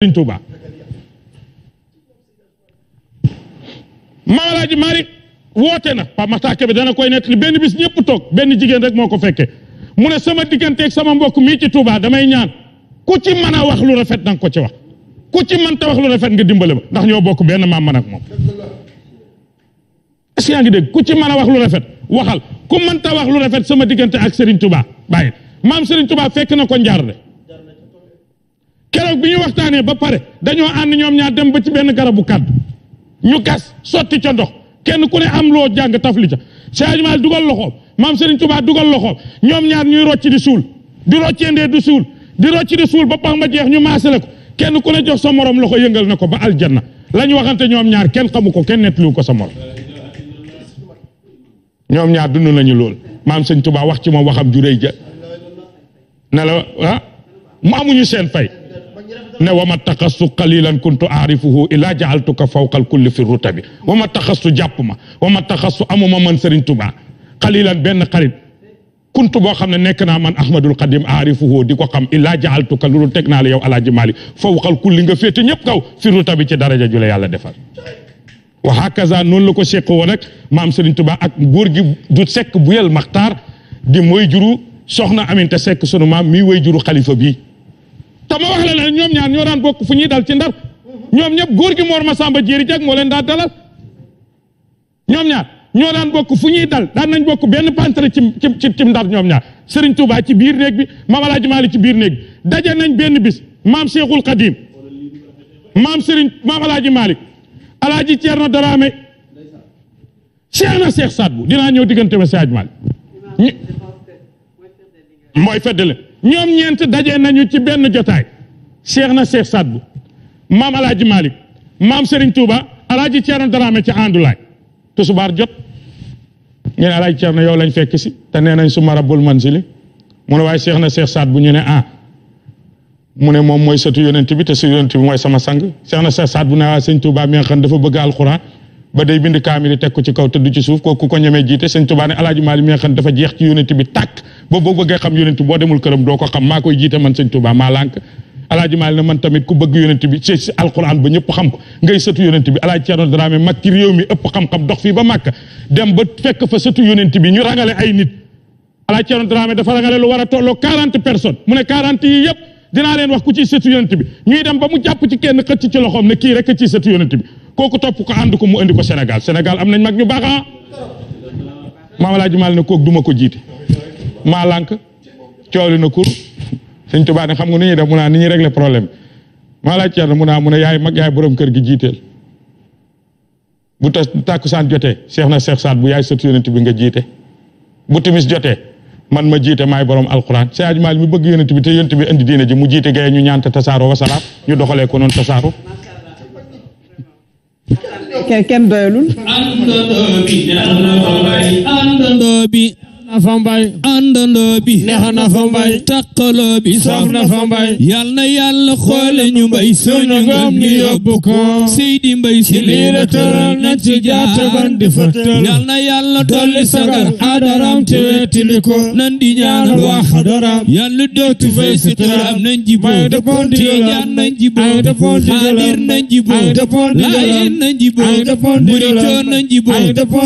Sëriñ Tuuba Mamadou Malick woote na Pape Makhtar Kébé dana koy nettali benn bis ñëpp toog benn jigéen rek moo ko fekkee mu ne sama digganteeg sama mbokk mii ci Tuuba damay ñaan ku ci mën a wax lu rafet na nga ci wax ku ci mën ta wax lu rafet nga dimbale ma ndax ñoo bokk benn maam man ak moom. est yaa ngi dégg ku ci mën a wax lu rafet waxal ku mënta wax lu rafet sama diggante ak Serigne Touba bàyyi maam Serigne Touba fekk na ko njaar de. keroog bi ñu waxtaanee ba pare dañoo ànd ñoom ñaar dem ba ci benn garabu kàddu ñu gas sotti ca ndox kenn ku ne am loo jàng tafli ca Cheikh Maal dugal loxoom maam Serigne Touba dugal loxoom ñoom ñaar ñuy rocci suul di rocceendee di suul di rocci di suul ma jeex ñu maasale ko kenn ku ne jox sa morom loxo yëngal na ko ba aljanna la ñu waxante ñoom ñaar kenn xamu ko kenn nettaliwu ko sa morom ñoom ñaar dund nañu lool maam Serigne Touba wax ci moom waxam ju rëy ja ne la ah, mu amuñu seen fay. ne wa ma taxastu qalilan kuntu aarifuhu ilaa jaaltuka fawqal kulli fi rutabi wa ma taxastu jàpp ma wa ma taxastu amuma man Serigne Touba qalilan benn xarit kuntu boo xam ne nekk naa man Ahmadul Xadim aarifuhu di ko xam ilaa jaaltuka loolu teg naa la yow alaaji Maalik fawqal kulli nga féete ñëpp kaw fi rutabi ci daraja ju la yàlla defal. wa hakaza noonu la ko seq woon ak maam Serigne Touba ak góor gi du sekk bu yel maxtaar di mooy juru soxna Aminta Seck sunu maam mii way juru xalifa bii. dama wax la la ñoom ñaar ñoo daan bokk fu ñuy dal ci ndar ñoom ñëpp góor gi Mor Masamba Jéeri Jàkk moo leen daan dalal ñaar ñoo daan bokk fu ñuy dal daan nañ bokk benn pantre ci ci ci ndar ñoom ñaar Serigne Touba ci biir néeg bi Mame El Hadji ci biir néeg bi daje nañ benn bis maam Cheikhul Khadim maam Serigne maam El Hadji Malick El Hadji Thierno Dramé Cheikh na Cheikh Sadbou dinaa ñëw diggante ma Hadji Malick mooy feddale ñoom ñeent daje nañu ci benn jotaay cheikh na cheikh bu maam alaaji Malick maam Serigne Touba alaaji Thierno Dramé ci àndulaay te subaar jot ngeen alaaji Thierno yow lañ fekk si te nee nañ su mara marabul manzili mu ne waaye cheikh na cheikh Sadbu ñu ne ah mu ne moom mooy sëtu yonent bi te su yonent bi mooy sama sang cheikh na cheikh Sadbu ne waaye ah, sëñ Touba mi nga dafa bëgg alxuraan ba day bind kaamil teg ko ci kaw tëdd ci suuf kooku ko ñemee jiite sëñ Tuubaa ne alaaji Maalik mi nga xam dafa jeex ci yonent bi tàkk ba boo bëggee xam yonent boo demul këram doo ko xam maa koy jiite man sëñ Tuubaa maa lànk alaaji Maalik ne man tamit ku bëgg yonent bi ci ci alquran ba ñëpp xam ko ngay sëtu yonent bi alaaji Ceerno Dramé mag ci réew mi ëpp xam-xam dox fii ba màkk dem ba fekk fa sëtu yonent bi ñu rangale ay nit alaaji Ceerno Dramé war a tolloo quarante personnes mu ne quarante yi yëpp dinaa leen wax ku ciy sëtu yonent ñuy dem ba mu jàpp ci kenn xëcc ci loxoom ne kii rek ciy sëtu bi kooku topp ko ànd ko mu indi ko Sénégal Sénégal am nañ mag ñu baax ah maam El Mal ne kooku du ko jiite maa lànk coow li na kur sëñ Tuubaa ne xam nga nu ñuy def mu naa ni ñuy régler problème maa El Hadj Thierno mu naa mu ne yaay mag yaay boroom kër gi jiiteel bu tas tàkkusaan jotee seex na seex saat bu yaay sët yonent bi nga jiite bu timis jotee man ma jiite maay borom alquran Seydi Hadji Malick mi bëgg yonent bi te yonent bi indi diine ji mu jiite gaye ñu ñaanta tasaaro wasalaam ñu doxalee ko noonu tasaaro kenn doyalul. àndandoo bi. àndandoo bi. na fa mbay àndandoo bi neex na fa mbay takkaloo bi saf na fa mbay yal na yàlla xoole ñu mbay suñu ngam ni yóbbu ko Seydi Mbay Si lii la tëral na ci jaata ban di fëttal yal na yàlla dolli sagar adaram te wettili ko nan di ñaanal waa xadaram yàlla dootu fay sitaram nañ jibo tiijaan nañ jibo xaadir nañ jibo laayeen nañ jibo muritoon nañ jibo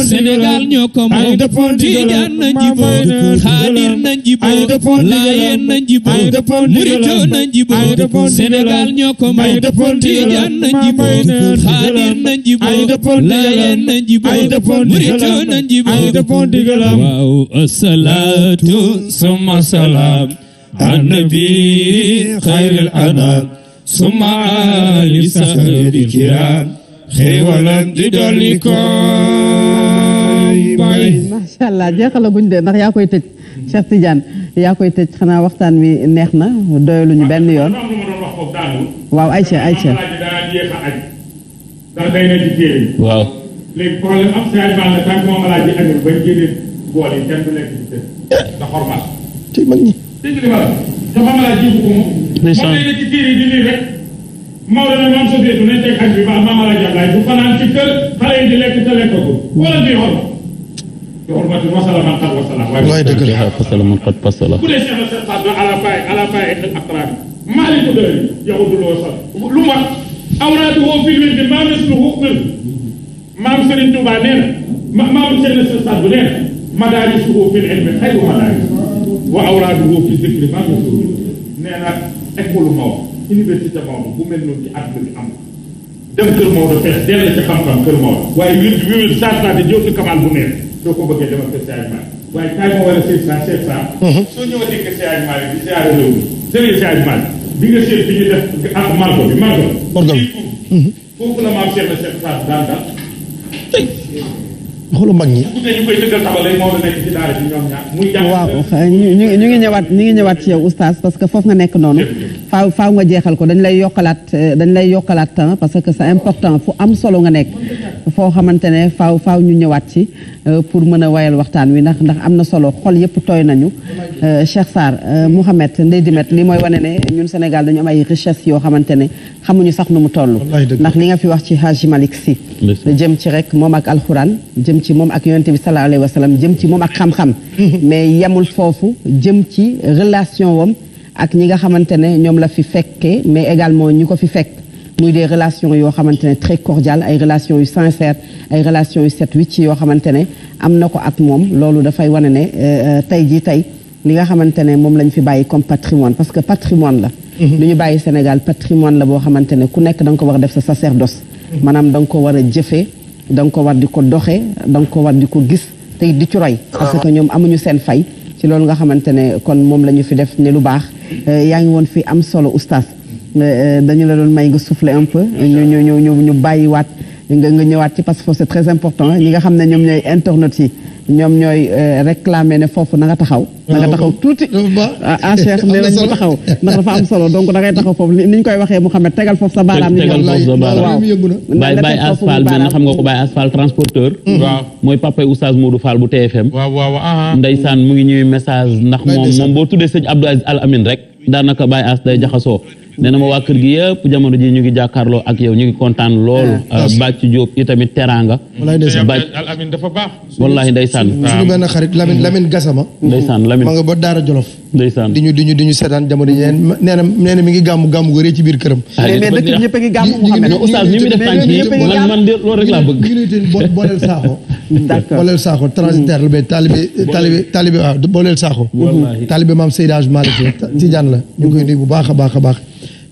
Sénégal ñoo ko moom tiijaan nañ jibo jibo xaadir nañ jibo laayeen nañ jibo murito nañ jibo Sénégal ñoo ko moom tijaan nañ jibo xaadir nañ jibo laayeen nañ jibo murito nañ jibo waaw asalaatu summa salaam annabi xayril anaam summa ali sahri kiram xéewalam di dolli ko macha allah jeexalaguñ de ndax yaa koy tëj Cheikh Tidiane yaa koy tëj xanaa waxtaan wi neex na doyaluñu benn yoon. waaw Aïcha Aïcha. waaw. léegi problème am Serigne Ba la tant que moom laaj nga la dafa ma laaj fanaan ci kër xale yi di lekk te lekk ko wala di xorma. waaye dëgg la fasala man qad fasala bu dee Cheikh Al Serfaat na ala fay ala fay ak aqraar maaliku dëri yow du loo sax lu mu wax awraatu woo fi wér di maa misluhu mën maam Serigne Touba nee na ma maam Cheikh Al Serfaat bu nee na madaarisuhu fi l-ilmi xayru madaaris wa awraatu woo fi dikri maa misluhu nee na école Maodo université Maodo bu mel noonu ci àdduna bi am dem kër Maodo fees dell ci xam-xam kër Maodo waaye wér wér saa saa di jóotu kamaal bu neex soo ko bëggee demal kër si Aliou Malick waaye kaay ma wala seet saa seet saa. soo ñëwatee kër si Aliou Malick bi ziare réew mi sëriñ bi nga seet bi ñu def ak margo bi margo. margo bi foofu la maam seet na seet saa daan daan. xoolu mag ñi. waaw ñu ngi ñu ngi ñëwaat ñu ngi ñëwaat ci yow oustaz parce que foofu nga nekk noonu. faaw faaw nga jeexal ko dañ lay yokkalaat euh, dañ lay yokkalaat temps parce que c'est important fu am solo nga nekk. foo xamante ne faaw faaw ñu ñëwaat ci euh, pour mën a wayal waxtaan wi ndax ndax am na solo xol yëpp tooy nañu. Euh, Cheikh Sarr Mouhamed Ndeye Dimet li mooy wane ne ñun Sénégal dañu am ay richesse yoo xamante ne xamuñu sax nu mu toll. ndax li nga fi wax ci Haji si jëm ci rek moom ak alxuraan ci moom ak yonent bi sallallahu alayhi wa sallam jëm ci moom ak xam-xam mais yemul foofu jëm ci relation wam ak ñi nga xamante ne ñoom la fi fekkee mais également ñi ko fi fekk muy des relation yoo xamante ne très cordiales ay relation yu sincères ay relations yu set wicc yoo xamante ne am na ko ak moom loolu dafay wane ne euh, euh, tey jii tey li nga xamante ne moom lañ fi bàyyi comme patrimoine parce que patrimoine la lu ñu bàyyi Sénégal patrimoine la boo xamante ne ku nekk da ko war a def sa sacerdoce maanaam da nga ko war a jëfee da ko war di ko doxee danga ko war di ko gis tey di ci roy ah. parce que ñoom amuñu seen fay ci loolu nga xamante ne kon moom la ñu fi def ne lu baax euh, yaa ngi woon fi am solo oustaz euh, euh, dañu la doon may nga souffler un peu ñu ñu ñu ñu bàyyiwaat nga nga ñëwaat ci parce que foofu xam ne ñoom ñooy internet yi ñoom ñooy euh, réclamer ne foofu na taxaw ah, na taxaw tuuti ah, ah, ah Cheikh ne nañ mu taxaw tegal foofu sa baaraam ni baay baay asphal mel na xam nga ko baay asphal transporteur mm. mooy papa oustaz Modou Fall bu TFM ndeysaan mu ngi ñuy message ndax moom moom boo tuddee sëñ Abdou Al Amin rek daanaka baay as day jaxasoo nee na ma waa kër gi yëpp jamono ji ñu ngi jàkkaarloo ak yow ñu ngi kontaan loolu bàcc Jóob itamit teraanga bàcc Amin dafa baax wallaahi ndeysaan suñu benn xarit Lamine mm. Lamine Gassama ndeysaan Lamine ma nga ba Daara Jolof ndeysaan di ñu di ñu di ñu seetaan jamono yi mm. nee na nee na mi ngi gàmmu gàmmu gëree ci biir këram ah, mais dëkk bi ñëpp a ngi gàmmu Mouhamed oustaz ni mu def tànk yi man man de loolu rek laa bëgg ñu ne bo booleel saaxo booleel saaxo transitaire la ba talibé talibé booleel saaxo talibé maam Seydage Malick la Tijaan la ñu koy nuyu bu baax a baax a baax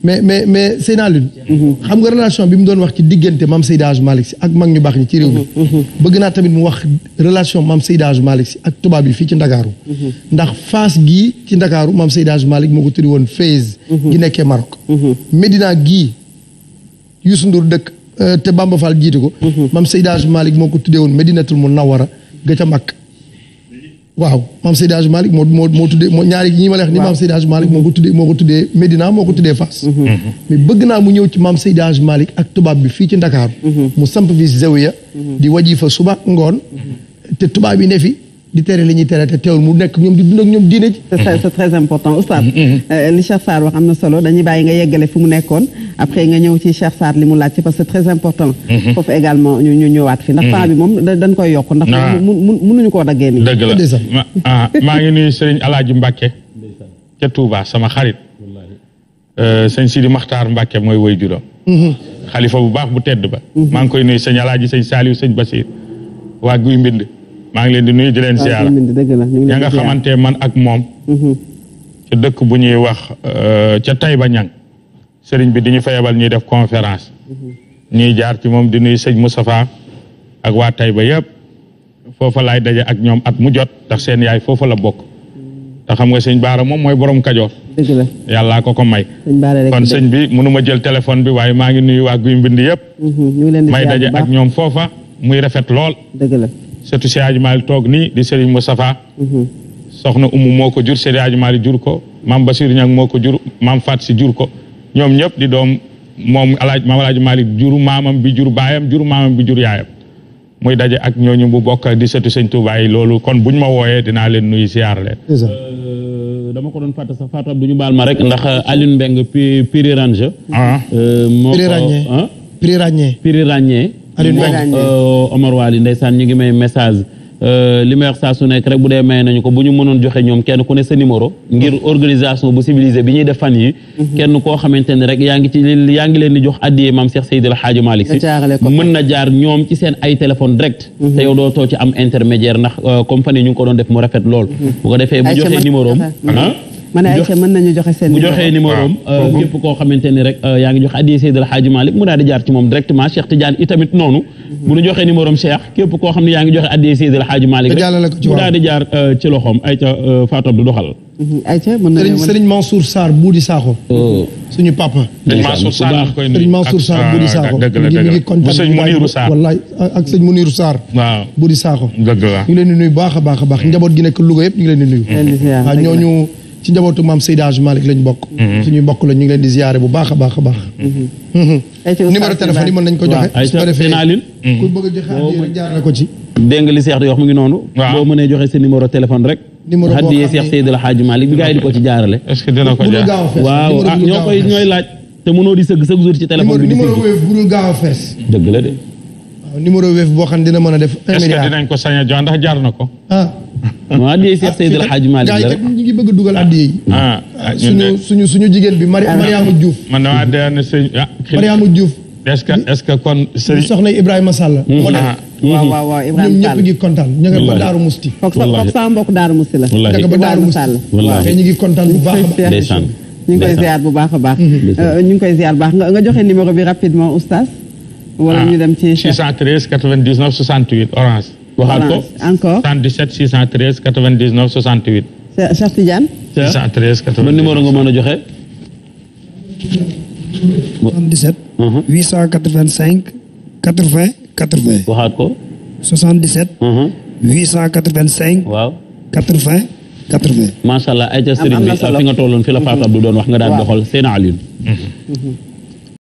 mais mais mais Seydina mm-hmm. xam nga relation bi mu doon wax ci diggante maam Seydi Hadj Malick ak mag ñu baax ñi ci réew mi mm-hmm. Mm-hmm. bëgg naa tamit mu wax relation mam Seydi Hadj ak tubaab yi fii ci Ndakaaru ndax Fass gii ci Ndakaaru maam Seydi Hadj moo ko tuddi woon Fès gi nekkee Maroc Médina gi Youssou Ndour dëkk euh, te Bamba jiitu ko maam Seydi Hadj Malick moo ko tuddee woon Médinatul Munawwara ga ca Makka waaw maam Seydi Hadj moo moo moo tuddee moo ñaari ñi ma leex ni maam ko tuddee moo ko tuddee Medina moo ko tuddee Fass mhm. Mhm. mais bëgg naa mu ñëw ci maam Seydi Hadj Malick ak tubaab bi fii ci Ndakaaru mhm. mu samp fi zawiya di wajifa suba ngoon te tubaab yi ne fi di tere li ñuy tere te teewul mu nekk ñoom di dund ñoom diine ji c'est très important oustaz euh, am na solo dañuy bàyyi nga yeggale fu mu nekkoon après nga ñëw ci Cheikh Sarr li mu laaj ci parce que très important mhm. foofu également ñu ñëwaat fi ndax mhm. temps moom dañ koy yokk ndax ah. mënuñu koo daggee nii dëgg la ah, maa ngi nuyu Serigne Alaaji Mbàkke ca Touba sama xarit euh, sëñ Sidi Maxtaar Mbàkke mooy woy juróom mhm. xalifa bu baax bu tedd ba maa ngi koy nuyu sëñ Alaaji sëñ Saaliw sëñ waa guy mbind maa ngi leen di nuyu di leen ziara ya nga xamante man ak moom ca dëkk bu ñuy wax euh, ca Tayba Ñang sëriñ bi di ñu fa yebal ñuy def conférence mm-hmm. ñuy jaar ci moom di nuyu sëñ Moustapha ak waa Taïba yëpp foofa laay daje ak ñoom at mu jot ndax seen yaay foofa la bokk mm-hmm. te xam nga sëñ Baara moom mooy borom Kajoor dëgg la ko ko may sëñ bi mënuma jël téléphone bi waaye maa ngi nuyu waa Guy Mbind yëpp mm-hmm. may daje ak ñoom foofa muy rafet lool dëgg la surtout toog nii di sëriñ Moustapha soxna Umu moo ko jur Seydi Hadji Malick jur ko maam Basiir Ñang moo ko jur maam Faat si jur ko ñoom ñëpp di doom moom alaaj maam alaaj Malick juru maamam bi jur baayam juru maamam bi jur yaayam muy daje ak ñooñu bu bokk di sëtu sëñ Touba loolu kon buñ ma wooyee dinaa leen nuyu siyaar euh, dama ko doon fàtte sax Fatou Abdou ñu baal ma rek ndax euh, Aline Mbengue Piri Range ah. euh, moo ko Piri Range Piri Range Aline Mbengue Omar Wali ndeysaan ñu ngi may message li may wax saa su nekk rek bu dee may nañu ko bu ñu mënoon joxe ñoom kenn ku ne sa numéro ngir organisation bu civilisé bi ñuy def fan yi mhm. kenn koo xamante ne rek yaa ngi ci yaa ngi leen di jox addiyee maam Cheikh Seydil Hadji Malick si mën na jaar ñoom ci seen ay téléphone direct mhm. te yow doo too ci am intermédiaire ndax euh, comme fan yi ñu ko doon def mu rafet lool mhm. bu ko defee bu joxee numéro am ah. ma ne Aïcha mën nañu joxe seen numéro bu joxee numéro am euh, képp koo xamante ni rek euh, yaa ngi joxe addiya Seydil Hadji Malick mu daal di jaar ci moom directement mu daal jaar euh, ci loxoom Aïcha Fatou du doxal mhm. Aïcha mën nañu Serigne Mansour suñu papa Serigne Mansour Sarr Serigne Mansour Sarr la ñu ngi leen di nuyu baax a baax a baax njaboot gi nekk Louga yëpp ñu ngi leen di nuyu ci njabootu maam Seydi Hadj Malick lañ bokk. Mhm. suñuy mbokk leen di ziare baax a baax a baax. Mhm. Mhm. numéro téléphone yi nañ ko joxe. ay sa ku bëgg a joxe addiya jaar na ko ci. dégg nga li boo mënee joxe sa numéro Seydi El Hadj Malick bi gars di ko ci jaar waaw ah ñoo koy ñooy laaj. te a a def. un dinañ ko sañ a jox ndax jaar na ko. Ah. moom addiyee Cheikh Seydi El Hadj Malick la rek ñu ngi bëgg dugal addiyee yi. ah, ah, ah suñu suñu suñu jigéen bi ah. Mariama Diouf. man damaa daan sëñ ah. Mariama Diouf. est-ce que est-ce que kon. sëñ soxna Ibrahima Sall. moo tax waaw ñu ba Daaru ngi kontaan bu baax bu baax a baax. Euh, ñu ngi koy baax nga joxe numéro bi rapidement oustaz. wala ñu dem ci 613 99 68 orange. waxaat ko encore 77 613 99 68. Cheikh Tidiane. 613 99 ban numéro nga mën a joxe. 77. 885 80 80. waxaat ko. 77. 885. Uh-huh. waaw 80 80. macha allah ay ca sëriñ bi fi nga tolloon fi doon wax nga daan doxal seen Alioune. Uh-huh.